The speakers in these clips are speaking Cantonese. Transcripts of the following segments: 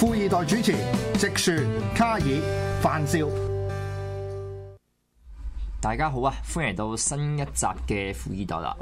富易袋主持直樹卡爾范少，大家好啊，歡迎嚟到新一集嘅富易袋啦。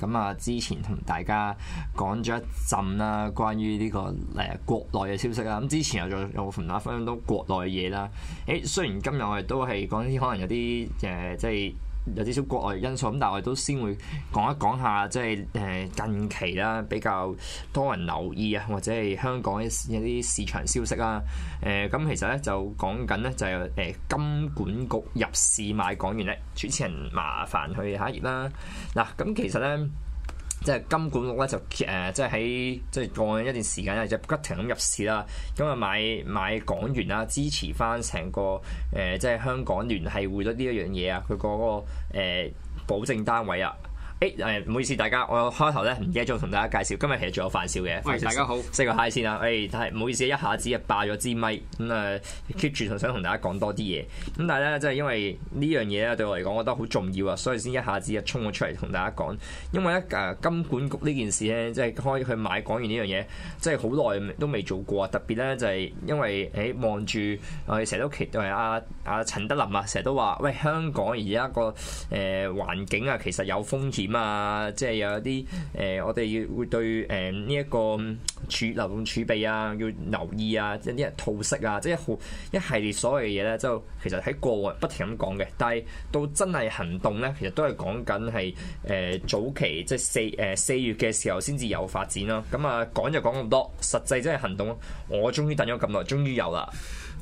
咁啊，之前同大家講咗一陣啦，關於呢個誒國內嘅消息啦。咁之前又再同大家分享到國內嘅嘢啦。誒，雖然今日我哋都係講啲可能有啲誒、呃，即係。有啲少國外因素咁，但係我哋都先會講一講下，即係誒近期啦，比較多人留意啊，或者係香港一啲市場消息啦。誒、呃，咁其實咧就講緊咧就係誒金管局入市買港元咧，主持人麻煩去下一頁啦。嗱、啊，咁其實咧。即係金管局咧就誒，即係喺即係過一段時間咧就不停咁入市啦，咁啊買買港元啦，支持翻成個誒，即係香港聯繫匯率呢一樣嘢啊，佢嗰個誒保證單位啊。誒，唔、哎哎、好意思，大家，我開頭咧唔記得咗同大家介紹，今日其實仲有范少嘅。大家好，四個嗨先啦、哎。但太唔好意思，一下子霸一、嗯、啊霸咗支咪。咁啊 keep 住就想同大家講多啲嘢。咁、嗯、但係咧，即係因為呢樣嘢咧對我嚟講，我覺得好重要啊，所以先一下子啊衝咗出嚟同大家講。因為咧誒金管局呢件事咧，即係開去買港元呢樣嘢，即係好耐都未做過啊。特別咧就係因為誒望住我哋成日都期待 e 阿阿陳德林啊，成日都話喂，香港而家個誒環境啊，其實有風險。啊、嗯，即係有一啲誒、呃，我哋要會對誒呢一個儲流動儲備啊，要留意啊，即係啲人套息啊，即係一號一系列所有嘅嘢咧，就其實喺過往不停咁講嘅。但係到真係行動咧，其實都係講緊係誒早期，即係四誒、呃、四月嘅時候先至有發展咯。咁啊，講、嗯啊、就講咁多，實際真係行動。我終於等咗咁耐，終於有啦。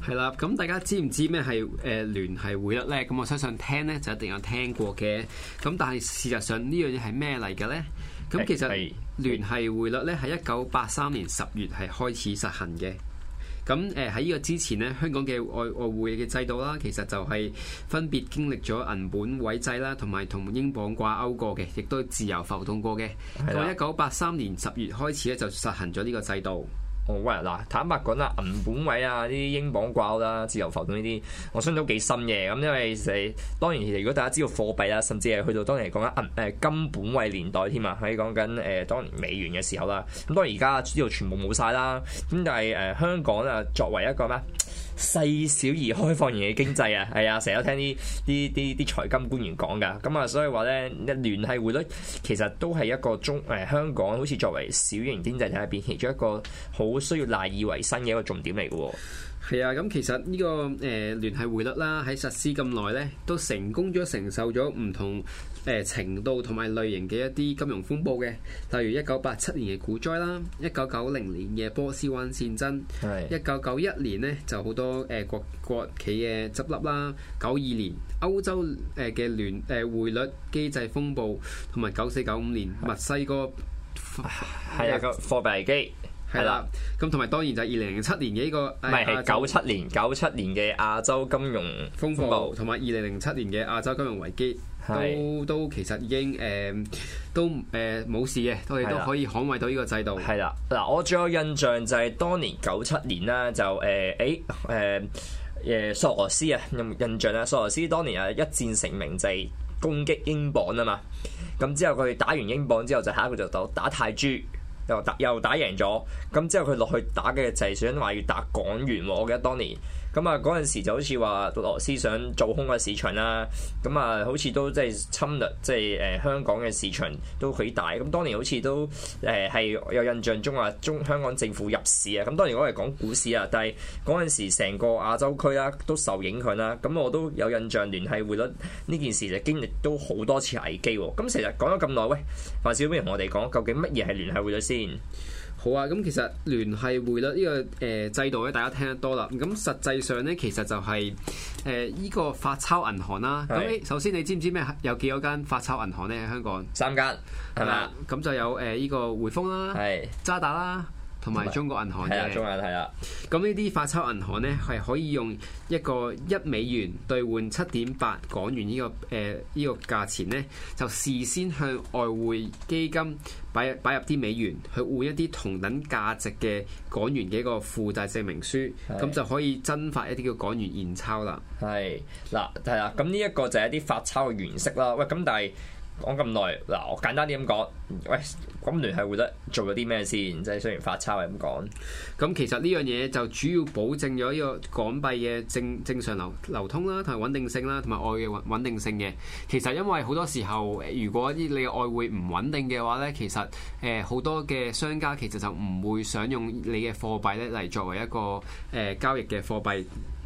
係啦，咁大家知唔知咩係誒聯繫匯率呢？咁我相信聽呢就一定有聽過嘅。咁但係事實上呢樣嘢係咩嚟嘅呢？咁、嗯、其實聯繫匯率呢，喺一九八三年十月係開始實行嘅。咁誒喺呢個之前呢，香港嘅外外匯嘅制度啦，其實就係分別經歷咗銀本位制啦，同埋同英鎊掛鈎過嘅，亦都自由浮動過嘅。喎一九八三年十月開始咧，就實行咗呢個制度。嗱、哦，坦白講啦，銀本位啊，啲英鎊掛啦，自由浮動呢啲，我相信都幾深嘅，咁因為誒，當然其實如果大家知道貨幣啦，甚至係去到當年講緊銀誒金本位年代添啊，可以講緊誒當年美元嘅時候啦，咁當然而家知道全部冇晒啦，咁但係誒、呃、香港啊，作為一個咩？細小而開放型嘅經濟啊，係啊，成日有聽啲啲啲啲財金官員講㗎，咁啊，所以話咧一聯繫匯率，其實都係一個中誒、呃、香港好似作為小型經濟體入邊，其中一個好需要賴以為生嘅一個重點嚟嘅喎。係啊，咁其實呢、這個誒、呃、聯繫匯率啦，喺實施咁耐咧，都成功咗承受咗唔同誒、呃、程度同埋類型嘅一啲金融風暴嘅，例如一九八七年嘅股災啦，一九九零年嘅波斯灣戰爭，一九九一年呢，就好多誒、呃、國國企嘅執笠啦，九二年歐洲誒嘅聯誒匯、呃、率機制風暴，同埋九四九五年墨西哥係一個貨幣危機。係啦，咁同埋當然就係二零零七年嘅呢個，唔係，係九七年，九七年嘅亞洲金融風暴，同埋二零零七年嘅亞洲金融危機，的都都其實已經誒、呃、都誒冇、呃、事嘅，我哋了都可以捍衞到呢個制度。係啦，嗱，我最有印象就係當年九七年啦，就誒誒誒索羅斯啊有印象啦，索羅斯當年啊一戰成名就係攻擊英鎊啊嘛，咁之後佢哋打完英鎊之後，就下一個就到打泰銖。又打又打贏咗，咁之後佢落去打嘅就係想話要打港元喎，我記得當年。咁啊，嗰陣時就好似話，俄羅斯想做空嘅市場啦，咁啊，好似都即係侵略，即係誒香港嘅市場都好大。咁當年好似都誒係、呃、有印象中話，中香港政府入市啊。咁當然我係講股市啊，但係嗰陣時成個亞洲區啦都受影響啦。咁我都有印象聯繫匯率呢件事就經歷都好多次危機喎。咁其實講咗咁耐，喂，范少同我哋講究竟乜嘢係聯繫匯率先？好啊，咁其實聯繫匯率呢、這個誒、呃、制度咧，大家聽得多啦。咁實際上咧，其實就係誒依個發鈔銀行啦。是首先，你知唔知咩有幾多間發鈔銀行咧？喺香港三間係咪啊？咁就有誒依、呃這個匯豐啦、是渣打啦。同埋中國銀行嘅係啊，咁呢啲發鈔銀行咧，係可以用一個一美元兌換七點八港元呢、呢個誒呢、呃呢個價錢咧，就事先向外匯基金擺，擺入入啲美元去換一啲同等價值嘅港元嘅一個負債證明書，咁的就可以增發一啲叫港元現鈔啦。係嗱，係啦。咁呢一個就係一啲發鈔嘅形式啦。喂，咁但係。講咁耐，嗱，我簡單啲咁講，喂，港聯繫會得做咗啲咩先？即係雖然發鈔，咁講。咁其實呢樣嘢就主要保證咗呢個港幣嘅正正常流流通啦，同埋穩定性啦，同埋外嘅穩穩定性嘅。其實因為好多時候，如果你嘅外匯唔穩定嘅話咧，其實誒好、呃、多嘅商家其實就唔會想用你嘅貨幣咧嚟作為一個誒、呃、交易嘅貨幣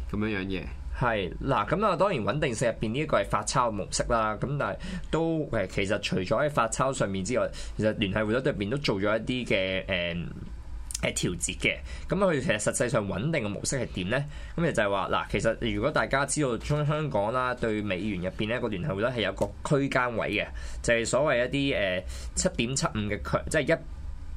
咁樣樣嘢。係嗱，咁啊當然穩定性入邊呢一個係發鈔模式啦。咁但係都誒，其實除咗喺發鈔上面之外，其實聯繫匯率入邊都做咗一啲嘅誒誒調節嘅。咁佢其實實際上穩定嘅模式係點咧？咁就就係話嗱，其實如果大家知道中香港啦對美元入邊咧，個聯繫匯率係有個區間位嘅，就係、是、所謂一啲誒七點七五嘅即係一。呃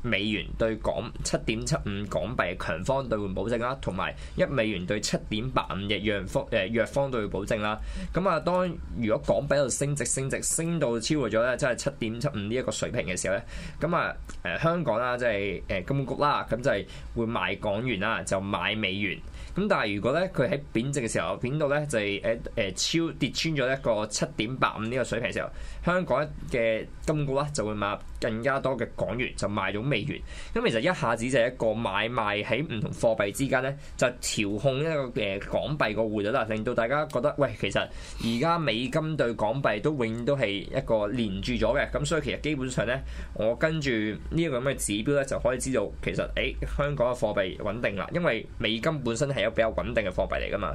美元對港七點七五港幣強方兌換保證啦，同埋一美元對七點八五嘅弱方誒弱方兌換保證啦。咁啊，當如果港幣喺度升值升值升值升到超過咗咧，即係七點七五呢一個水平嘅時候咧，咁啊誒香港啦，即係誒金管局啦，咁就係會賣港元啦，就買美元。咁但係如果咧佢喺貶值嘅時候貶到咧就係誒誒超跌穿咗一個七點八五呢個水平嘅時候，香港嘅金管局咧就會買。更加多嘅港元就賣咗美元，咁其實一下子就係一個買賣喺唔同貨幣之間咧，就調控一個誒港幣個匯率啦，令到大家覺得喂，其實而家美金對港幣都永遠都係一個連住咗嘅，咁所以其實基本上咧，我跟住呢個咁嘅指標咧，就可以知道其實誒、哎、香港嘅貨幣穩定啦，因為美金本身係一個比較穩定嘅貨幣嚟㗎嘛。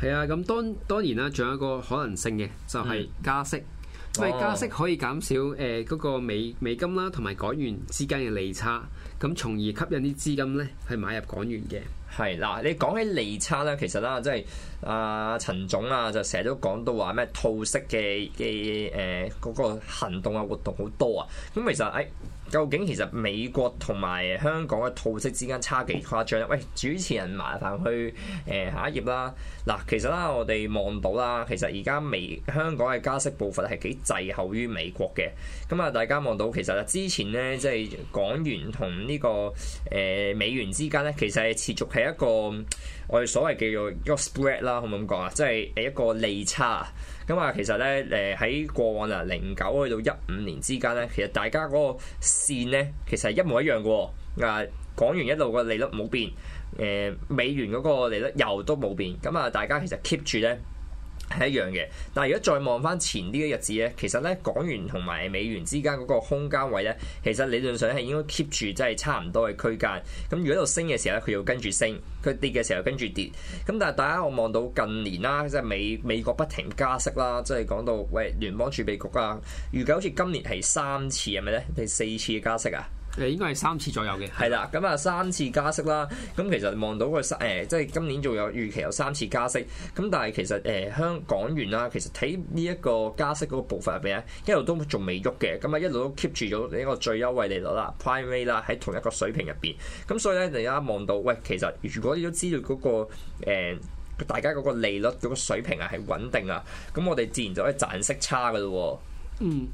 係啊，咁當當然啦，仲有一個可能性嘅就係、是、加息。嗯因為加息可以減少誒嗰、呃嗰個美美金啦，同埋港元之間嘅利差，咁從而吸引啲資金咧去買入港元嘅。係嗱，你講起利差咧，其實啦、就是，即係阿陳總啊，就成日都講到話咩套息嘅嘅誒嗰個行動啊活動好多啊。咁其實誒、哎，究竟其實美國同埋香港嘅套息之間差幾誇張咧？喂，主持人麻煩去誒、呃、下一頁啦。嗱，其實啦，我哋望到啦，其實而家未香港嘅加息步伐係幾滯後於美國嘅。咁啊，大家望到其實之前呢，即、就、係、是、港元同呢、這個誒、呃、美元之間咧，其實係持續係。一個我哋所謂叫做一個 spread 啦，可唔可以咁講啊？即係誒一個利差。咁啊，其實咧誒，喺過往啊零九去到一五年之間咧，其實大家嗰個線咧其實係一模一樣嘅。啊，港元一路個利率冇變，誒美元嗰個利率又都冇變。咁啊，大家其實 keep 住咧。係一樣嘅，但係如果再望翻前啲嘅日子咧，其實咧港元同埋美元之間嗰個空間位咧，其實理論上係應該 keep 住即係差唔多嘅區間。咁如果喺度升嘅時候咧，佢要跟住升；佢跌嘅時候跟住跌。咁但係大家我望到近年啦，即係美美國不停加息啦，即係講到喂聯邦儲備局啊，預計好似今年係三次係咪咧？定四次嘅加息啊？誒應該係三次左右嘅，係啦，咁啊三次加息啦，咁其實望到個誒、呃，即係今年仲有預期有三次加息，咁但係其實誒香、呃、港元啦，其實睇呢一個加息嗰個部分入邊咧，一路都仲未喐嘅，咁啊一路都 keep 住咗呢個最優惠利率啦，Prime rate 啦，喺同一個水平入邊，咁所以咧你而家望到，喂，其實如果你都知道嗰、嗰個、呃、大家嗰個利率嗰個水平啊係穩定啊，咁我哋自然就可以賺息差嘅咯。嗯，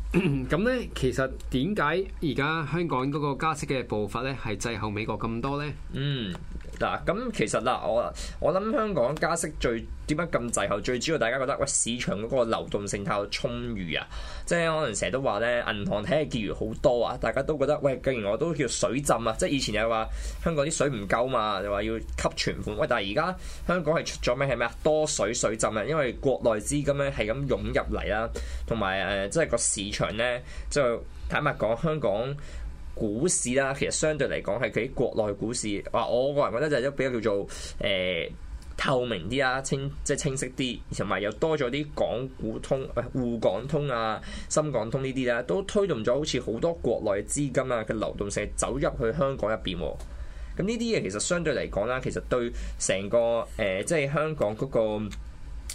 咁咧，其實點解而家香港嗰個加息嘅步伐咧，係滯後美國咁多咧？嗯。嗱，咁其實啦，我我諗香港加息最點解咁滯後，最主要大家覺得喂市場嗰個流動性太過充裕啊，即係可能成日都話咧，銀行體系結餘好多啊，大家都覺得喂，既然我都叫水浸啊，即係以前又話香港啲水唔夠嘛，就話要吸存款，喂，但係而家香港係出咗咩？係咩啊？多水水浸啊，因為國內資金咧係咁湧入嚟啦，同埋誒，即係個市場咧，就坦白講香港。股市啦，其實相對嚟講係比國內股市，話我個人覺得就係一比較叫做誒、呃、透明啲啊，清即係清晰啲，同埋又多咗啲港股通誒、呃、滬港通啊、深港通呢啲咧，都推動咗好似好多國內嘅資金啊嘅流動性走入去香港入邊喎。咁呢啲嘢其實相對嚟講啦，其實對成個誒、呃、即係香港嗰、那個。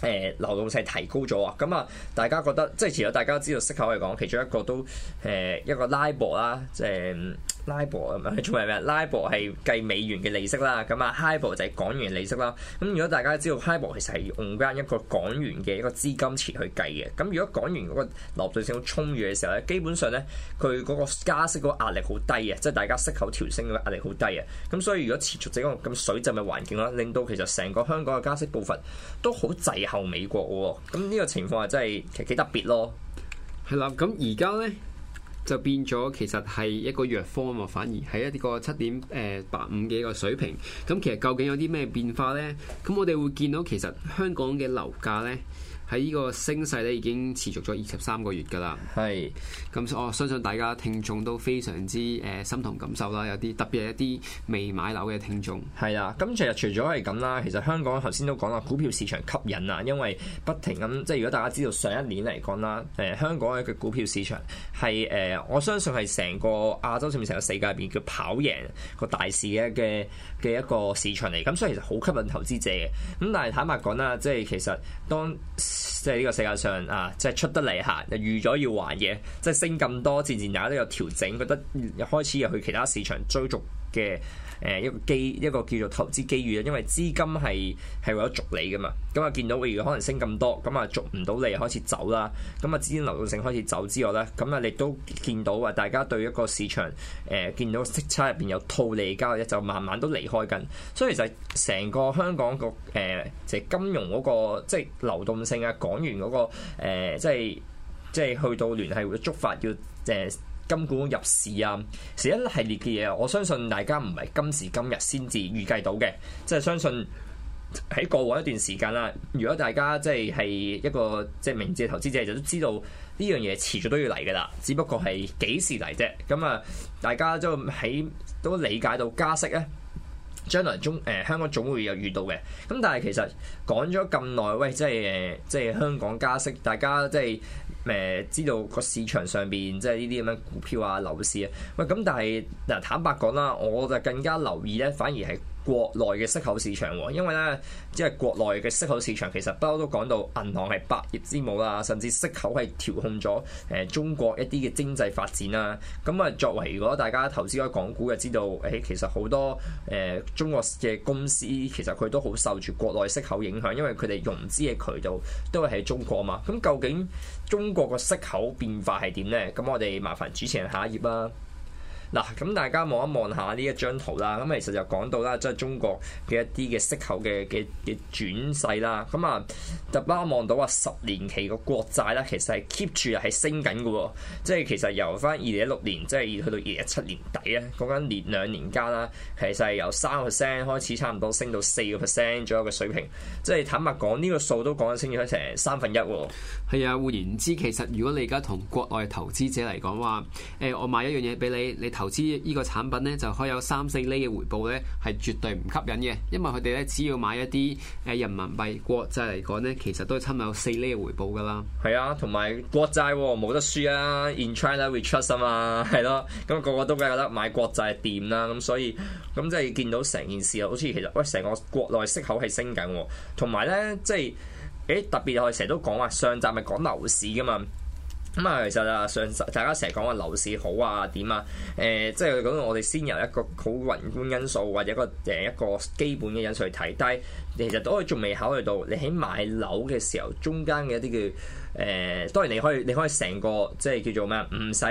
誒流動性提高咗啊！咁啊，大家覺得即係除咗大家知道息口嚟講，其中一個都誒，一個 LIBOR 啦，誒、即係。LIBOR 咁樣做咩咩？LIBOR 係計美元嘅利息啦，咁啊 HIBOR 就係港元利息啦。咁如果大家知道 HIBOR 其實係用翻一個港元嘅一個資金池去計嘅，咁如果港元嗰個流動性好充裕嘅時候咧，基本上咧佢嗰個加息嗰個壓力好低啊，即係大家息口調升嘅壓力好低啊。咁所以如果持續整個咁水浸嘅環境啦，令到其實成個香港嘅加息部分都好滯後美國喎。咁呢個情況係真係其實幾特別咯。係啦，咁而家咧。就變咗其實係一個弱方啊嘛，反而係一個七點誒八五嘅個水平。咁其實究竟有啲咩變化呢？咁我哋會見到其實香港嘅樓價呢。喺呢個升勢咧已經持續咗二十三個月㗎啦。係咁是，我相信大家聽眾都非常之誒、呃、心同感受啦。有啲特別係一啲未買樓嘅聽眾係啦。咁其實除咗係咁啦，其實香港頭先都講啦，股票市場吸引啊，因為不停咁即係如果大家知道上一年嚟講啦，誒、呃、香港嘅股票市場係誒、呃、我相信係成個亞洲上面成個世界入面叫跑贏個大市嘅嘅嘅一個市場嚟。咁所以其實好吸引投資者嘅。咁但係坦白講啦，即係其實當即係呢個世界上啊，即係出得嚟行，預咗要還嘢，即係升咁多，漸漸大家都有調整，覺得開始又去其他市場追逐。嘅誒一個機一個叫做投資機遇啊，因為資金係係為咗逐利噶嘛，咁啊見到譬如可能升咁多，咁啊逐唔到利開始走啦，咁啊資金流動性開始走之外咧，咁啊亦都見到啊大家對一個市場誒、呃、見到息差入邊有套利交易，就慢慢都離開緊，所以就係成個香港個誒即係金融嗰、嗰個即係流動性啊，港元嗰、嗰個即係即係去到聯繫會觸發要誒。呃金管入市啊，是一系列嘅嘢。我相信大家唔係今時今日先至預計到嘅，即係相信喺過往一段時間啦。如果大家即係係一個即係明智嘅投資者，就都知道呢樣嘢遲早都要嚟噶啦。只不過係幾時嚟啫。咁啊，大家都喺都理解到加息咧，將來中誒、呃、香港總會有遇到嘅。咁但係其實講咗咁耐，喂，即係誒，即係香港加息，大家即係。誒知道個市場上邊即係呢啲咁樣股票啊、樓市啊，喂咁但係嗱坦白講啦，我就更加留意咧，反而係。國內嘅息口市場，因為咧，即係國內嘅息口市場，其實不嬲都講到銀行係百業之母啦，甚至息口係調控咗誒、呃、中國一啲嘅經濟發展啦。咁啊，作為如果大家投資開港股嘅，知道誒、哎，其實好多誒、呃、中國嘅公司，其實佢都好受住國內息口影響，因為佢哋融資嘅渠道都係喺中國嘛。咁究竟中國個息口變化係點呢？咁我哋麻煩主持人下一頁啦。嗱，咁大家望一望下呢一張圖啦，咁其實就講到啦，即係中國嘅一啲嘅息口嘅嘅嘅轉勢啦，咁啊，特巴望到啊，十年期個國債啦，其實係 keep 住係升緊嘅喎，即係其實由翻二零一六年，即係去到二零一七年底咧，講緊年兩年間啦，其實係由三個 percent 開始，差唔多升到四個 percent 左右嘅水平，即係坦白講，呢、這個數都講緊升咗成三分一喎。係啊，換言之，其實如果你而家同國內投資者嚟講話，誒、欸，我買一樣嘢俾你，你投投資呢個產品咧，就可以有三四厘嘅回報咧，係絕對唔吸引嘅，因為佢哋咧，只要買一啲誒人民幣國債嚟講咧，其實都係差唔多有四厘嘅回報㗎啦。係啊，同埋國債冇、哦、得輸啊，In China we trust 啊嘛，係咯、啊，咁、那個個都梗覺得買國債掂啦，咁所以咁即係見到成件事啊，好似其實喂，成個國內息口係升緊、啊，同埋咧即係誒特別我哋成日都講話上集咪講樓市㗎嘛。咁啊，其實啊，上集大家成日講話樓市好啊，點啊？誒、呃，即係講到我哋先由一個好宏觀因素或者一個誒一個基本嘅因素去睇，但係其實都可以仲未考慮到你喺買樓嘅時候，中間嘅一啲叫誒、呃，當然你可以你可以成個即係叫做咩？唔使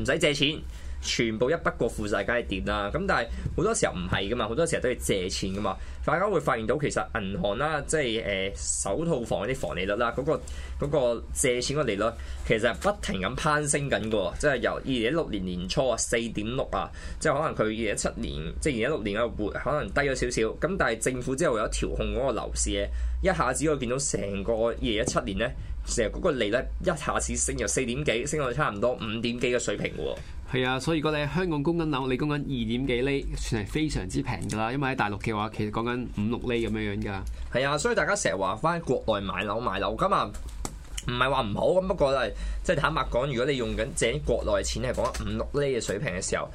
唔使借錢。全部一筆過付曬，梗係跌啦。咁但係好多時候唔係噶嘛，好多時候都係借錢噶嘛。大家會發現到其實銀行啦，即係誒首套房嗰啲房利率啦，嗰、嗰個嗰個借錢個利率其實不停咁攀升緊嘅，即係由二零一六年年初啊四點六啊，即係可能佢二零一七年即係二零一六年嘅話可能低咗少少。咁但係政府之後有調控嗰個樓市咧，一下子我見到成個二零一七年咧，成日嗰個利率一下子升到四點幾，升到差唔多五點幾嘅水平喎。係啊，所以如果你喺香港供緊樓，你供緊二點幾厘算係非常之平㗎啦。因為喺大陸嘅話，其實講緊五六厘咁樣樣㗎。係啊，所以大家成日話返國內買樓買樓，咁啊，唔係話唔好咁，不過就係即係坦白講，如果你用緊正國內錢係講五六厘嘅水平嘅時候。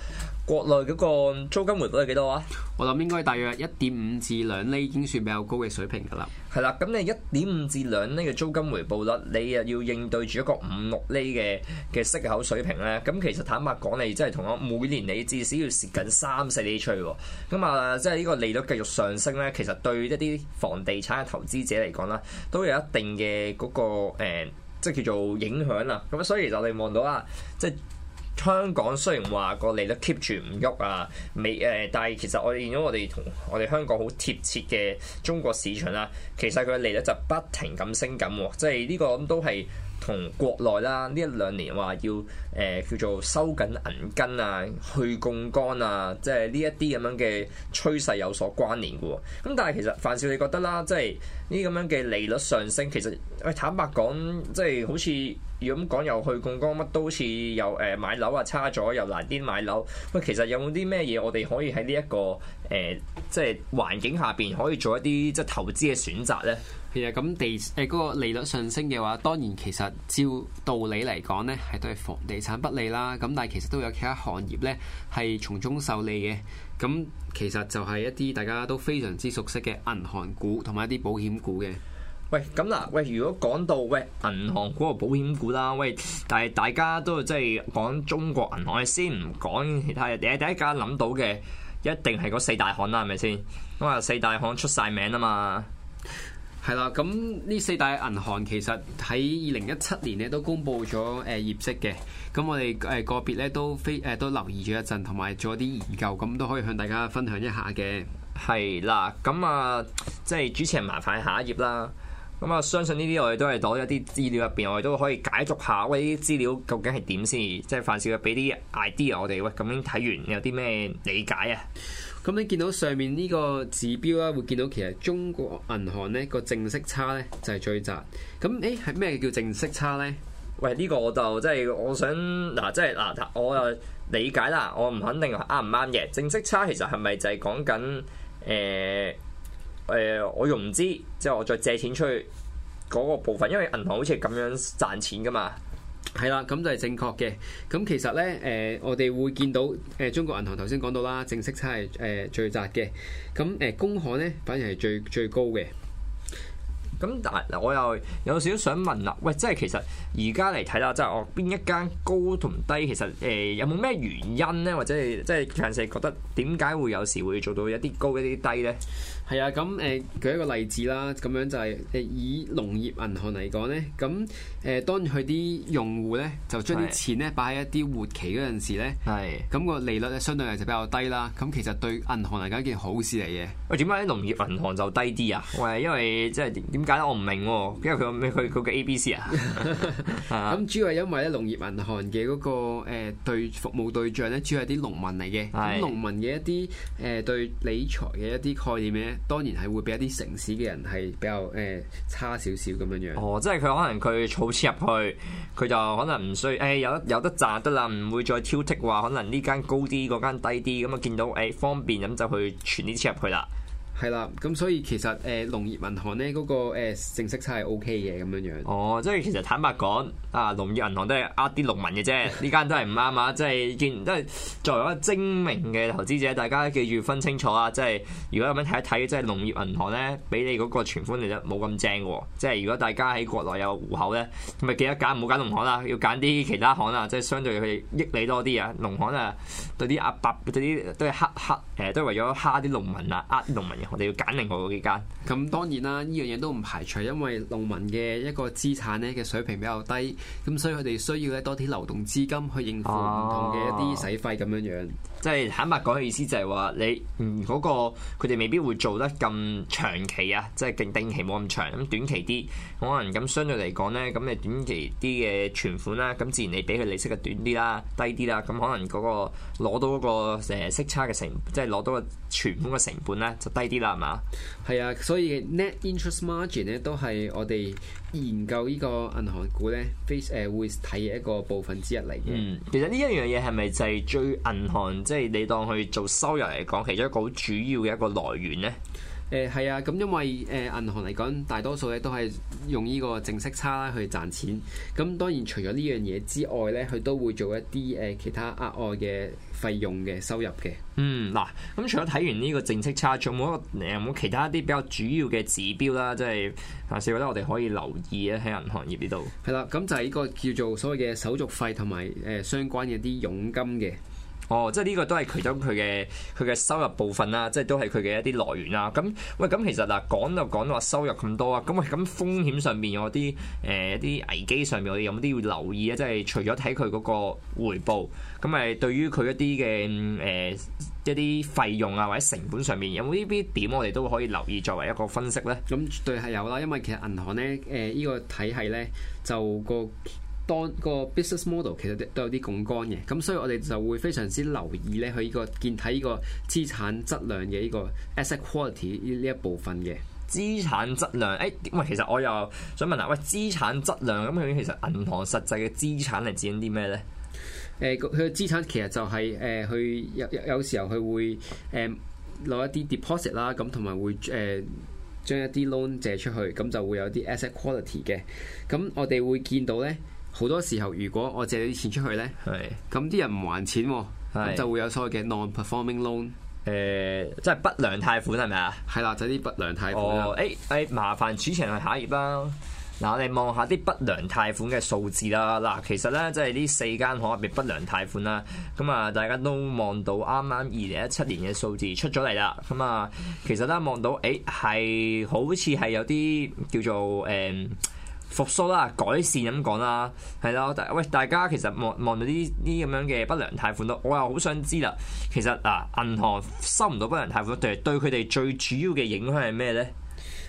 國內嗰個租金回報係幾多啊？我諗應該大約一點五至兩厘，已經算比較高嘅水平噶啦。係啦，咁你一點五至兩厘嘅租金回報率，你又要應對住一個五六厘嘅嘅息口水平咧？咁其實坦白講，你真係同我每年你至少要蝕近三四厘出去。咁啊，即係呢個利率繼續上升咧，其實對一啲房地產嘅投資者嚟講啦，都有一定嘅嗰、嗰個誒、呃，即係叫做影響啦。咁所以就你望到啊，即係。香港雖然話個利率 keep 住唔喐啊，美誒，但係其實我哋見到我哋同我哋香港好貼切嘅中國市場啦，其實佢嘅利率就不停咁升緊，即係呢個咁都係同國內啦呢一兩年話要誒、呃、叫做收緊銀根啊、去槓桿啊，即係呢一啲咁樣嘅趨勢有所關聯嘅。咁但係其實，范少你覺得啦，即係呢啲咁樣嘅利率上升，其實誒坦白講，即係好似。如果咁講，又去槓桿，乜都好似又誒買樓啊差咗，又難啲買樓。喂，其實有冇啲咩嘢我哋可以喺呢一個誒、呃，即係環境下邊可以做一啲即係投資嘅選擇咧？其實咁地誒嗰、呃那個利率上升嘅話，當然其實照道理嚟講咧，係對房地產不利啦。咁但係其實都有其他行業咧係從中受利嘅。咁其實就係一啲大家都非常之熟悉嘅銀行股同埋一啲保險股嘅。喂，咁嗱、啊，喂，如果講到喂銀行股同保險股啦，喂，但係大家都即係講中國銀行嘅先，唔講其他嘢。第一第一間諗到嘅一定係嗰四大行啦，係咪先？咁啊，四大行出晒名啊嘛，係啦。咁呢四大銀行其實喺二零一七年咧都公布咗誒業績嘅。咁我哋誒個別咧都非誒都留意咗一陣，同埋做啲研究，咁都可以向大家分享一下嘅。係啦，咁啊，即係主持人麻煩下一頁啦。咁啊，嗯、相信呢啲我哋都係攞一啲資料入邊，我哋都可以解讀下。喂，啲資料究竟係點先？即係范少嘅俾啲 idea 我哋。喂，咁樣睇完有啲咩理解啊？咁、嗯、你見到上面呢個指標啦、啊，會見到其實中國銀行咧、個正息差咧就係、是、最窄。咁誒係咩叫正息差咧？喂，呢、呢個我就即係、就是、我想嗱，即係嗱，我又理解啦，我唔肯定啱唔啱嘅。正息差其實係咪就係講緊誒？呃誒、呃，我又唔知，即係我再借錢出去嗰、那個部分，因為銀行好似咁樣賺錢噶嘛，係啦，咁就係正確嘅。咁其實咧，誒、呃，我哋會見到誒、呃、中國銀行頭先講到啦，淨息差係誒、呃、最窄嘅。咁誒，工、呃、行咧反而係最最高嘅。咁但係我又有少少想問啦，喂，即係其實而家嚟睇啦，即係我邊一間高同低，其實誒、呃、有冇咩原因咧？或者係即係強勢覺得點解會有時會做到一啲高一啲低咧？係啊，咁誒、嗯、舉一個例子啦，咁樣就係誒以農業銀行嚟講咧，咁誒當佢啲用戶咧就將啲錢咧擺喺一啲活期嗰陣時咧，係咁個利率咧相對嚟就比較低啦。咁其實對銀行嚟講一件好事嚟嘅。喂，點解農業銀行就低啲啊？喂， 因為即係點解我唔明喎，啊、 因為佢咩佢佢嘅 A B C 啊？咁主要係因為咧農業銀行嘅嗰個誒對服務對象咧，主要係啲農民嚟嘅。咁是的、嗯、農民嘅一啲誒對理財嘅一啲概念咧。當然係會比一啲城市嘅人係比較誒、呃、差少少咁樣樣。哦，即係佢可能佢儲錢入去，佢就可能唔需要、欸、有得有得賺得啦，唔會再挑剔話可能呢間高啲，嗰間低啲，咁啊見到誒、欸、方便咁就去存啲錢入去啦。係啦，咁所以其實誒農業銀行咧嗰個淨息差係 O K 嘅咁樣樣。哦， 即、嗯、係其實坦白講，啊農業銀行都係呃啲農民嘅啫，呢間都係唔啱啊！即係見即係作為一個精明嘅投資者，大家記住分清楚啊！即係如果咁樣睇一睇，即係農業銀行咧俾你嗰個存款利率冇咁正喎。即係如果大家喺國內有戶口咧，咪記得揀唔好揀農行啦，要揀啲其他行啦。即係相對佢益你多啲啊！農行啊對啲阿伯對啲都係黑黑，誒、呃，都係為咗蝦啲農民啊，呃啲農民 我哋要揀另外嗰幾間。咁當然啦，呢樣嘢都唔排除，因為農民嘅一個資產咧嘅水平比較低，咁所以佢哋需要咧多啲流動資金去應付唔同嘅一啲使費咁樣樣。即係坦白講嘅意思就係話你嗯嗰個佢哋未必會做得咁長期啊，即係定定期冇咁長咁短期啲可能咁相對嚟講咧咁你短期啲嘅存款啦，咁自然你俾佢利息嘅短啲啦、低啲啦，咁可能嗰個攞到嗰個息差嘅成，即係攞到個存款嘅成本咧就低啲啦，係嘛？係啊，所以 net interest margin 咧都係我哋。研究呢個銀行股咧，非誒會睇一個部分之一嚟嘅。嗯，其實呢一樣嘢係咪就係最銀行，即係你當去做收入嚟講，其中一個好主要嘅一個來源咧？誒係啊，咁、嗯、因為誒銀行嚟講，大多數咧都係用呢個淨息差去賺錢。咁當然除咗呢樣嘢之外咧，佢都會做一啲誒其他額外嘅費用嘅收入嘅。嗯，嗱，咁除咗睇完呢個淨息差，仲有冇一個誒？冇其他一啲比較主要嘅指標啦，即係還是，是覺得我哋可以留意咧喺銀行業呢度。係啦，咁就係呢個叫做所謂嘅手續費同埋誒相關嘅啲佣金嘅。哦，即係呢個都係其中佢嘅佢嘅收入部分啦，即係都係佢嘅一啲來源啦。咁喂，咁其實嗱，講就講到話收入咁多啊，咁喂，咁風險上面有啲誒一啲、呃、危機上面有冇啲要留意啊？即係除咗睇佢嗰個回報，咁誒對於佢一啲嘅誒一啲費用啊或者成本上面有冇呢啲點我哋都可以留意作為一個分析咧？咁絕對係有啦，因為其實銀行咧誒呢、呃呢個體系咧就、那個。多個 business model 其實都有啲槓桿嘅，咁所以我哋就會非常之留意咧，佢依個見睇依個資產質量嘅呢個 asset quality 依呢一部分嘅資產質量。誒，唔係，其實我又想問下，喂，資產質量咁佢其實銀行實際嘅資產係指緊啲咩咧？誒、欸，佢嘅資產其實就係、是、誒，佢、呃、有有有時候佢會誒攞、呃、一啲 deposit 啦、啊，咁同埋會誒、呃、將一啲 loan 借出去，咁就會有啲 asset quality 嘅。咁我哋會見到咧。好多時候，如果我借咗啲錢出去咧，咁啲是人唔還錢、啊，咁是就會有所謂嘅 non-performing loan，誒、欸，即、就、係、是、不良貸款係咪啊？係啦，就啲、是、不良貸款啦、哦。哦、欸欸，麻煩主持人去下頁啦。嗱，我哋望下啲不良貸款嘅數字啦。嗱，其實咧，即係呢四間行入邊不良貸款啦。咁啊，大家都望到啱啱二零一七年嘅數字出咗嚟啦。咁啊，其實咧望到，誒、欸，係好似係有啲叫做誒。嗯復甦啦，改善咁講啦，係咯。但喂，大家其實望望到呢啲咁樣嘅不良貸款多，我又好想知啦。其實嗱、啊，銀行收唔到不良貸款，對對佢哋最主要嘅影響係咩咧？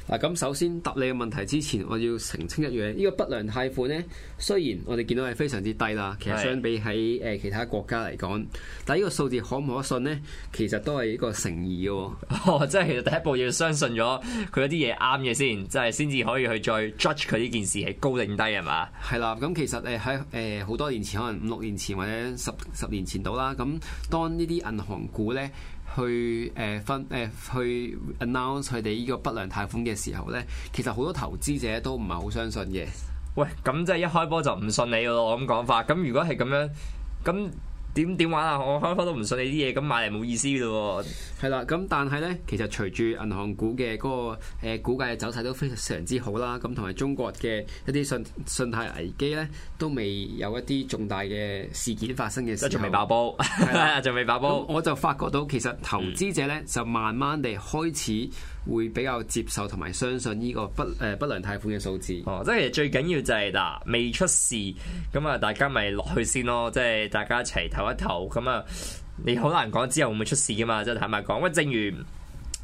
嗱，咁首先答你嘅問題之前，我要澄清一樣，呢個不良貸款呢，雖然我哋見到係非常之低啦，其實相比喺誒其他國家嚟講，但係呢個數字可唔可信呢？其實都係一個誠意嘅、 哦，即係其實第一步要相信咗佢有啲嘢啱嘅先，即係先至可以去再 judge 佢呢件事係高定低係嘛？係啦，咁其實誒喺誒好多年前，可能五六年前或者十十年前到啦，咁當呢啲銀行股呢。去誒分誒去 announce 佢哋呢個不良貸款嘅時候呢，其實好多投資者都唔係好相信嘅。喂，咁即係一開波就唔信你咯，我咁講法。咁如果係咁樣，咁。點點玩啊！我開開都唔信你啲嘢，咁買嚟冇意思嘅喎、哦。係啦，咁但係咧，其實隨住銀行股嘅嗰、嗰個誒、呃、股價嘅走勢都非常之好啦。咁同埋中國嘅一啲信信貸危機咧，都未有一啲重大嘅事件發生嘅時候。仲未爆煲，仲未了爆煲。 爆煲我就發覺到其實投資者咧，嗯、就慢慢地開始，會比較接受同埋相信呢個不誒、呃、不良貸款嘅數字。哦，即係最緊要就係嗱，未出事，咁啊大家咪落去先咯。即係大家一齊投一投，咁啊你好難講之後會唔會出事噶嘛？即係坦白講、啊。喂，正如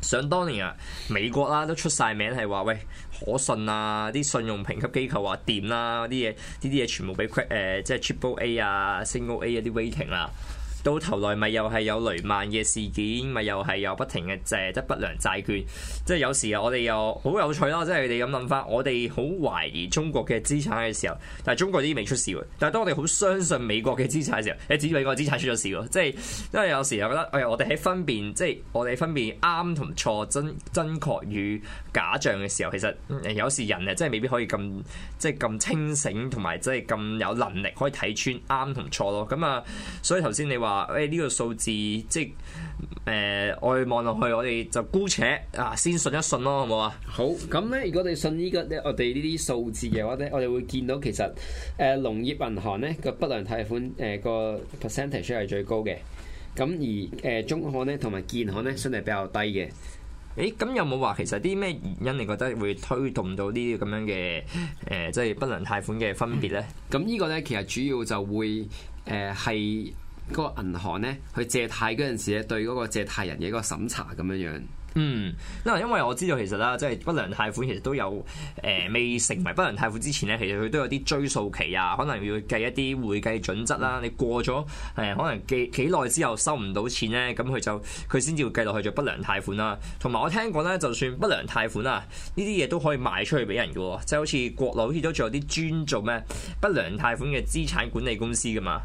想當年啊，美國啦都出晒名係話喂可信啊，啲信用評級機構話掂啦，啲嘢呢啲嘢全部俾誒、呃、即係 Triple A 啊、Single A、啊、啲 waiting 啦、啊。到頭來咪又係有雷曼嘅事件，咪又係有不停嘅借得不良債券，即係有時候我哋又好有趣囉，即係你哋咁諗翻，我哋好懷疑中國嘅資產嘅時候，但係中國啲未出事喎。但係當我哋好相信美國嘅資產嘅時候，你指美國資產出咗事喎。即係因為有時候覺得，誒，我哋喺分辨，即係我哋分辨啱同錯、真真確與假象嘅時候，其實有時人啊，真係未必可以咁即係咁清醒同埋即係咁有能力可以睇穿啱同錯咯。咁啊，所以頭先你話。誒，呢、哎，這個數字即係誒、呃，我哋望落去，我哋就姑且啊，先信一信咯，好唔好啊？好，咁咧、嗯，如果你信呢、這個我哋呢啲數字嘅話咧，我哋 會見到其實誒，農、呃、業銀行咧個不良貸款誒個、呃、percentage 係最高嘅，咁而誒、呃、中行咧同埋建行咧相對比較低嘅。誒，咁有冇話其實啲咩原因你覺得會推動到呢啲咁樣嘅誒、呃，即係不良貸款嘅分別咧？咁 呢個咧其實主要就會誒係。呃呃個銀行咧去借貸嗰陣時咧，對嗰個借貸人嘅一個審查咁樣樣。嗯，因為因為我知道其實啦，即係不良貸款其實都有誒、呃、未成為不良貸款之前咧，其實佢都有啲追訴期啊，可能要計一啲會計準則啦、啊。你過咗誒、呃、可能幾幾耐之後收唔到錢咧，咁佢就佢先至會計落去做不良貸款啦、啊。同埋我聽講咧，就算不良貸款啊呢啲嘢都可以賣出去俾人噶，即係好似國內好似都仲有啲專做咩不良貸款嘅資產管理公司噶嘛。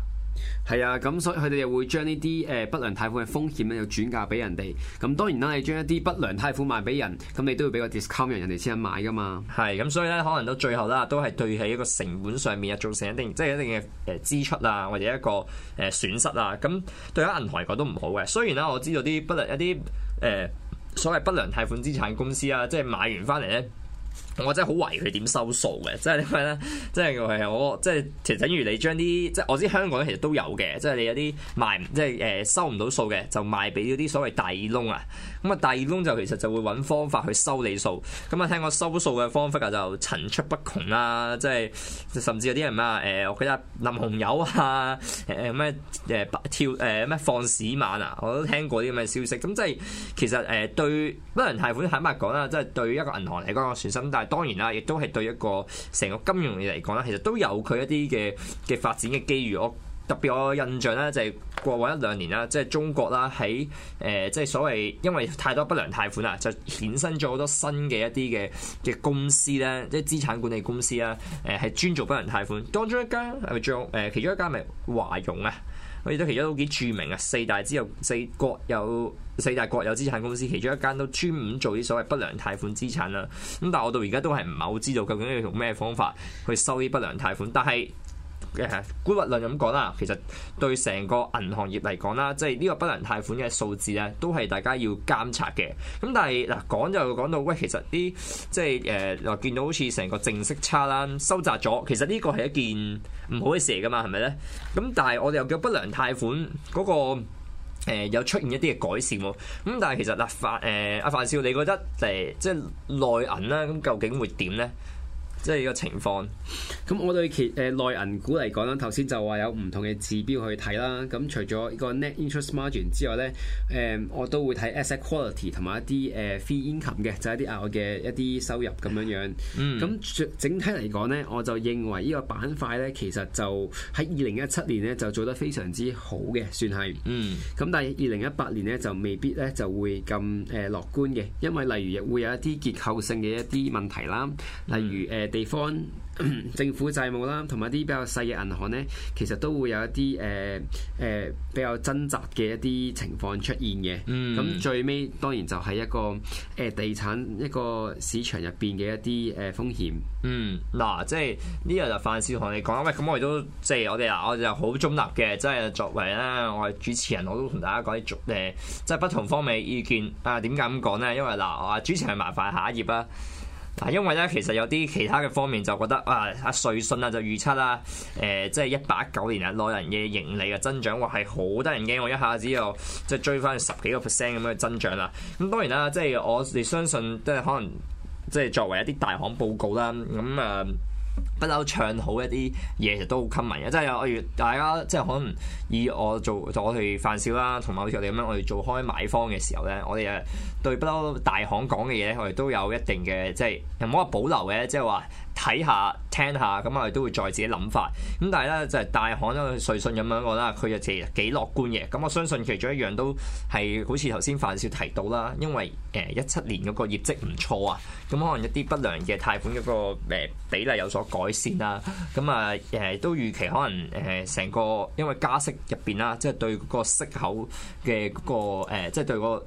係啊，咁所以佢哋又會將呢啲誒不良貸款嘅風險咧，又轉嫁俾人哋。咁當然啦，你將一啲不良貸款賣俾人，咁你都要俾個 discount 人，人哋先肯買噶嘛。係咁，所以咧可能到最後啦，都係對喺一個成本上面啊造成一定即係一定嘅誒支出啊，或者一個誒損失啊。咁對於銀行嚟講都唔好嘅。雖然啦，我知道啲不良一啲誒、呃、所謂不良貸款資產公司啊，即係買完翻嚟咧。我真係好懷疑佢點收數嘅，即係點解咧？即係我係我即係，其實等於你將啲即係我知香港其實都有嘅，即係你有啲賣，即係誒收唔到數嘅，就賣俾嗰啲所謂大耳窿啊！咁啊，第二窿就其實就會揾方法去收利數。咁啊，聽過收數嘅方法啊，就層出不窮啦。即係甚至有啲人咩啊？誒、呃，我記得淋紅油啊，誒咩誒跳誒咩、呃、放屎萬啊，我都聽過啲咁嘅消息。咁即係其實誒、呃、對不良貸款坦白講啦，即係對一個銀行嚟講嘅損失。但係當然啦，亦都係對一個成個金融業嚟講啦，其實都有佢一啲嘅嘅發展嘅機遇咯。我特別我印象咧就係、是、過往一兩年啦，即、就、係、是、中國啦，喺誒即係所謂因為太多不良貸款啊，就衍生咗好多新嘅一啲嘅嘅公司咧，即係資產管理公司啦，誒、呃、係專做不良貸款。當中一間係咪叫誒其中一間咪華融啊？我亦都其中都幾著名啊，四大之後四國有四大國有資產公司，其中一間都專五做啲所謂不良貸款資產啦。咁但係我到而家都係唔係好知道究竟要用咩方法去收啲不良貸款，但係。誒、嗯，姑勿論就咁講啦，其實對成個銀行業嚟講啦，即係呢個不良貸款嘅數字咧，都係大家要監察嘅。咁但係嗱，講、啊、就講到喂，其實啲即係誒，又、呃、見到好似成個淨息差啦，收窄咗。其實呢個係一件唔好嘅事嚟噶嘛，係咪咧？咁但係我哋又叫不良貸款嗰、那個誒、呃，有出現一啲嘅改善。咁但係其實嗱，范誒阿范少，你覺得誒、呃，即係內銀咧，咁究竟會點咧？即係個情況，咁我對其誒、呃、內銀股嚟講啦，頭先就話有唔同嘅指標去睇啦。咁除咗呢個 net interest margin 之外咧，誒、呃、我都會睇 asset quality 同埋一啲誒、呃、fee income 嘅，就係啲額外嘅一啲收入咁樣樣。咁、嗯、整體嚟講咧，我就認為呢個板塊咧，其實就喺二零一七年咧就做得非常之好嘅，算係。嗯。咁但係二零一八年咧就未必咧就會咁誒樂觀嘅，因為例如會有一啲結構性嘅一啲問題啦，嗯、例如誒。呃地方政府債務啦，同埋啲比較細嘅銀行咧，其實都會有一啲誒誒比較掙扎嘅一啲情況出現嘅。嗯，咁最尾當然就係一個誒、呃、地產一個市場入邊嘅一啲誒風險。嗯，嗱，即係呢樣就范少同你講喂，咁我哋都即係我哋啊，我哋就好中立嘅，即係作為啦，我係主持人，我都同大家講啲俗即係不同方面意見啊。點解咁講咧？因為嗱，我啊主持人麻煩下一頁啦。嗱，因為咧，其實有啲其他嘅方面就覺得，啊，阿、啊、瑞信啊，就預測啦，誒，即係一八一九年啊，呃就是、年內銀嘅盈利嘅增長，哇，係好得人驚，我一下子又即係追翻十幾個 percent 咁樣嘅增長啦。咁當然啦，即、就、係、是、我哋相信，即係可能，即係作為一啲大行報告啦，咁啊。呃不嬲唱好一啲嘢，其實都好吸引嘅。即係我如大家，即係可能以我做，就我哋范少啦，同埋我哋咁樣，我哋做開買方嘅時候咧，我哋誒對不嬲大行講嘅嘢，我哋都有一定嘅，即係又冇話保留嘅，即係話。睇下聽下，咁我哋都會再自己諗法。咁但係咧就係、是、大行咧瑞信咁樣講啦，佢就其實幾樂觀嘅。咁我相信其中一樣都係好似頭先范少提到啦，因為誒一七年嗰個業績唔錯啊。咁、嗯、可能一啲不良嘅貸款嗰個比例有所改善啦。咁啊誒都預期可能誒成、呃、個因為加息入邊啦，即、就、係、是、對個息口嘅個誒即係對個。呃就是對那個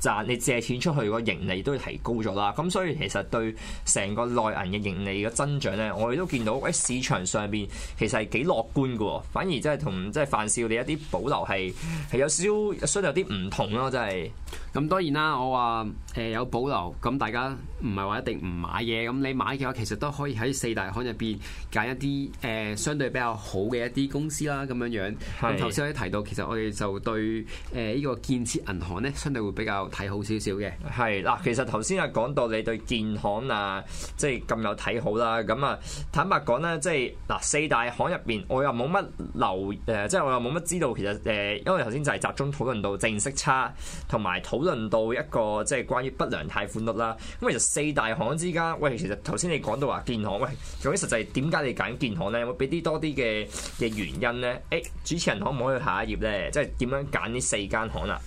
賺你借錢出去個盈利都提高咗啦，咁所以其實對成個內銀嘅盈利嘅增長咧，我哋都見到喺市場上邊其實係幾樂觀嘅喎，反而真係同即係范少你一啲保留係係有少少有啲唔同咯，真係、嗯。咁、啊、當然啦，我話誒、呃、有保留，咁大家唔係話一定唔買嘢，咁你買嘅話其實都可以喺四大行入邊揀一啲誒、呃、相對比較好嘅一啲公司啦，咁樣樣。咁頭先我哋提到，其實我哋就對誒呢、呃呢個建設銀行咧相對會比較睇好少少嘅，係嗱。其實頭先啊，講到你對建行啊，即係咁有睇好啦。咁啊，坦白講咧，即係嗱四大行入邊，我又冇乜留誒，即係我又冇乜知道。其實誒，因為頭先就係集中討論到淨息差，同埋討論到一個即係關於不良貸款率啦。咁其實四大行之間，喂，其實頭先你講到話建行，喂，究竟實際點解你揀建行咧？有冇俾啲多啲嘅嘅原因咧？誒、欸，主持人可唔可以下一頁咧？即係點樣揀呢四間行啊？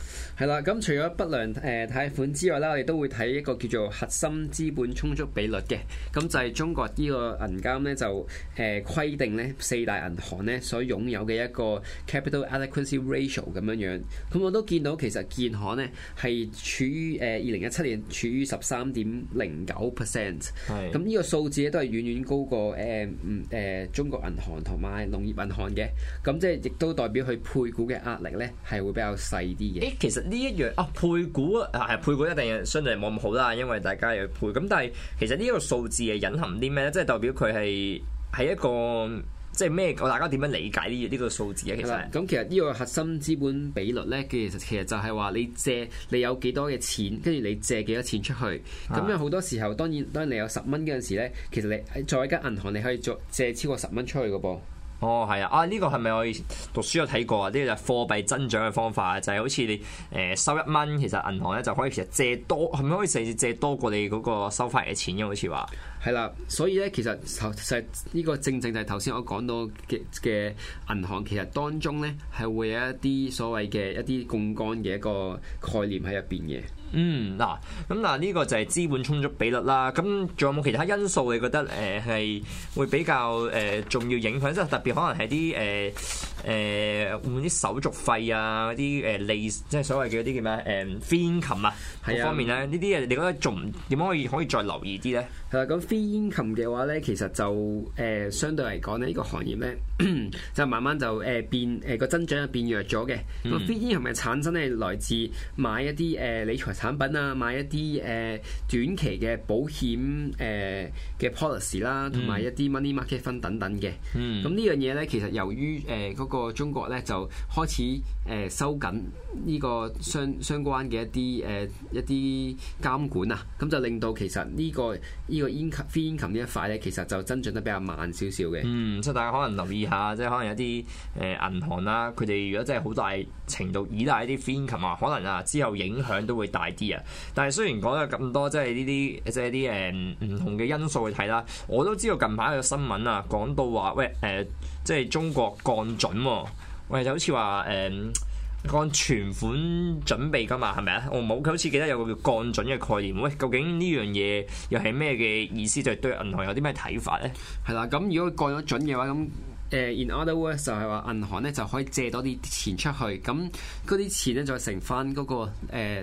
係啦，咁、嗯、除咗不良誒貸、呃、款之外啦，我哋都會睇一個叫做核心資本充足比率嘅，咁就係中國呢個銀監咧就誒規、呃、定咧四大銀行咧所擁有嘅一個 capital adequacy ratio 咁樣樣，咁我都見到其實建行咧係處於誒二零一七年處於十三點零九 percent，咁呢個數字咧都係遠遠高過誒唔中國銀行同埋農業銀行嘅，咁即係亦都代表佢配股嘅壓力咧係會比較細啲嘅。誒，其實。呢一樣啊，配股啊，係配股一定相對冇咁好啦，因為大家又要配咁，但係其實呢一個數字係隱含啲咩咧？即係代表佢係係一個即係咩？大家點樣理解呢呢個數字啊？其實咁其實呢個核心資本比率咧，其實其實就係話你借你有幾多嘅錢，跟住你借幾多錢出去，咁有好多時候當然當然你有十蚊嗰陣時咧，其實你作為一間銀行你可以做借超過十蚊出去嘅噃。哦，係啊！啊，呢、這個係咪我以前讀書有睇過啊？呢、這個就係貨幣增長嘅方法，就係、是、好似你誒、呃、收一蚊，其實銀行咧就可以其實借多，係咪可以成日借多過你嗰個收翻嘅錢嘅？好似話。係啦，所以咧其實頭實呢個正正就係頭先我講到嘅嘅銀行，其實當中咧係會有一啲所謂嘅一啲槓桿嘅一個概念喺入邊嘅。嗯，嗱，咁嗱呢個就係資本充足比率啦。咁仲有冇其他因素你覺得誒係、呃、會比較誒、呃、重要影響？即係特別可能係啲誒、呃誒，啲、呃、手續費啊，啲誒、呃、利，即係所謂嘅嗰啲叫咩？誒、嗯，飛鈴琴啊，各方面咧，呢啲嘢你覺得仲點樣可以可以再留意啲咧？係啦、啊，咁飛鈴琴嘅話咧，其實就誒、呃，相對嚟講咧，呢個行業咧。 就慢慢就誒變誒、呃、個增長就變弱咗嘅，飛鷹係咪產生咧來自買一啲誒、呃、理財產品啊，買一啲誒、呃、短期嘅保險誒嘅 policy 啦，同、呃、埋、啊、一啲 money market f 等等嘅。咁、嗯、呢樣嘢咧，其實由於誒、呃那個中國咧就開始誒、呃、收緊呢個相相關嘅一啲誒、呃、一啲監管啊，咁就令到其實呢個呢個鷹飛鷹擒呢一塊咧，其實就增長得比較慢少少嘅。嗯，嗯所以大家可能留意。啊，即係可能有啲誒銀行啦，佢哋如果真係好大程度倚賴一啲 financ 啊，可能啊之後影響都會大啲啊。但係雖然講咗咁多，即係呢啲即係啲誒唔同嘅因素去睇啦，我都知道近排有個新聞啊，講到話喂誒、呃，即係中國降準喎、哦，喂就好似話誒降存款準備噶嘛，係咪啊？我冇，佢好似記得有個叫降準嘅概念。喂，究竟呢樣嘢又係咩嘅意思？就係對銀行有啲咩睇法咧？係啦，咁如果降咗準嘅話，咁誒，in other words 就係話銀行咧就可以借多啲錢出去，咁嗰啲錢咧就乘翻嗰個誒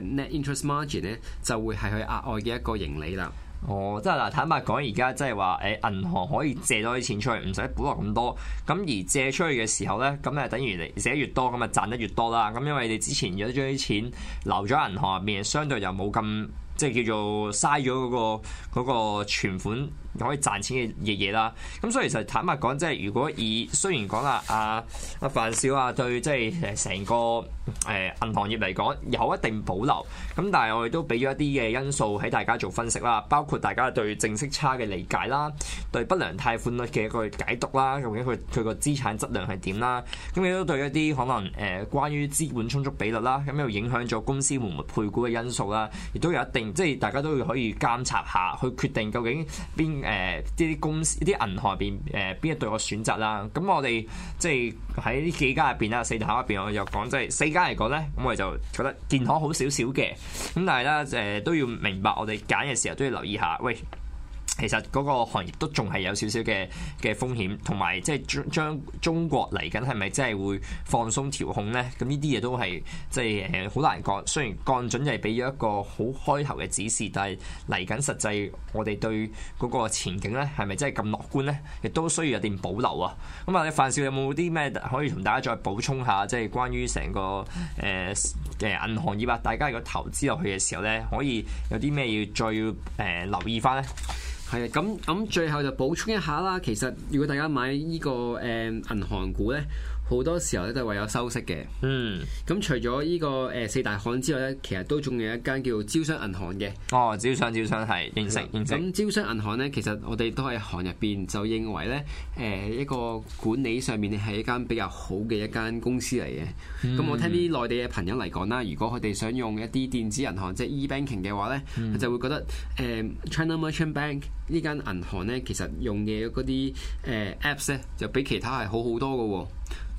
net interest margin 咧，就會係佢額外嘅一個盈利啦。哦，即係嗱，坦白講，而家即係話誒，銀行可以借多啲錢出去，唔使本落咁多，咁而借出去嘅時候咧，咁誒等於你借得越多，咁啊賺得越多啦。咁因為你之前如果將啲錢留咗銀行入面，相對就冇咁即係叫做嘥咗嗰個嗰、嗰個存款。可以賺錢嘅嘢嘢啦，咁所以其實坦白講，即係如果以雖然講啦，阿阿范少啊，啊對即係誒成個誒、呃、銀行業嚟講有一定保留，咁但係我哋都俾咗一啲嘅因素喺大家做分析啦，包括大家對正息差嘅理解啦，對不良貸款率嘅一個解讀啦，究竟佢佢個資產質量係點啦，咁亦都對一啲可能誒關於資本充足比率啦，咁又影響咗公司會唔會配股嘅因素啦，亦都有一定即係大家都要可以監察下去決定究竟邊。呢啲、呃、公司、啲銀行入邊，誒邊一對我選擇啦。咁我哋即係喺呢幾間入邊啦，四大口入邊，我又講即係四間嚟講咧，咁我哋就覺得建行好少少嘅。咁但係咧，誒、呃、都要明白，我哋揀嘅時候都要留意下。喂。其實嗰個行業都仲係有少少嘅嘅風險，同埋即係將中國嚟緊係咪真係會放鬆調控呢？咁呢啲嘢都係即係誒好難講。雖然降準就係俾咗一個好開頭嘅指示，但係嚟緊實際我哋對嗰個前景咧係咪真係咁樂觀呢？亦都需要有啲保留啊！咁啊，你范少有冇啲咩可以同大家再補充下？即係關於成個誒嘅銀行業啊！大家如果投資落去嘅時候呢，可以有啲咩要再要誒留意翻呢？係啊，咁咁最後就補充一下啦。其實如果大家買呢個誒銀行股咧，好多時候咧都係為咗收息嘅。嗯。咁除咗呢個誒四大行之外咧，其實都仲有一間叫招商銀行嘅。哦，招商招商係，認識對認識。咁招商銀行咧，其實我哋都係行入邊就認為咧，誒一個管理上面係一間比較好嘅一間公司嚟嘅。咁、嗯、我聽啲內地嘅朋友嚟講啦，如果佢哋想用一啲電子銀行即係 e banking 嘅話咧，佢、嗯、就會覺得誒、嗯、China Merchants Bank。呢間銀行咧，其實用嘅嗰啲誒 apps 咧，就比其他係好好多嘅喎、哦。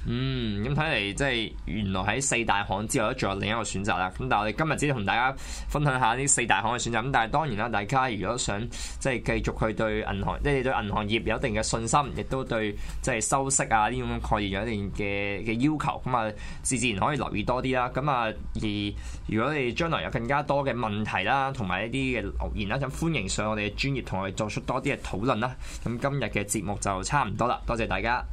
嗯，咁睇嚟即係原來喺四大行之外都仲有另一個選擇啦。咁但係我哋今日只係同大家分享下呢四大行嘅選擇。咁但係當然啦，大家如果想即係繼續去對銀行，即係對銀行業有一定嘅信心，亦都對即係收息啊呢種概念有一定嘅嘅要求，咁啊是自然可以留意多啲啦。咁啊，而如果你將來有更加多嘅問題啦，同埋一啲嘅留言啦，想歡迎上我哋嘅專業同我哋。做出多啲嘅討論啦。咁今日嘅節目就差唔多啦，多謝大家。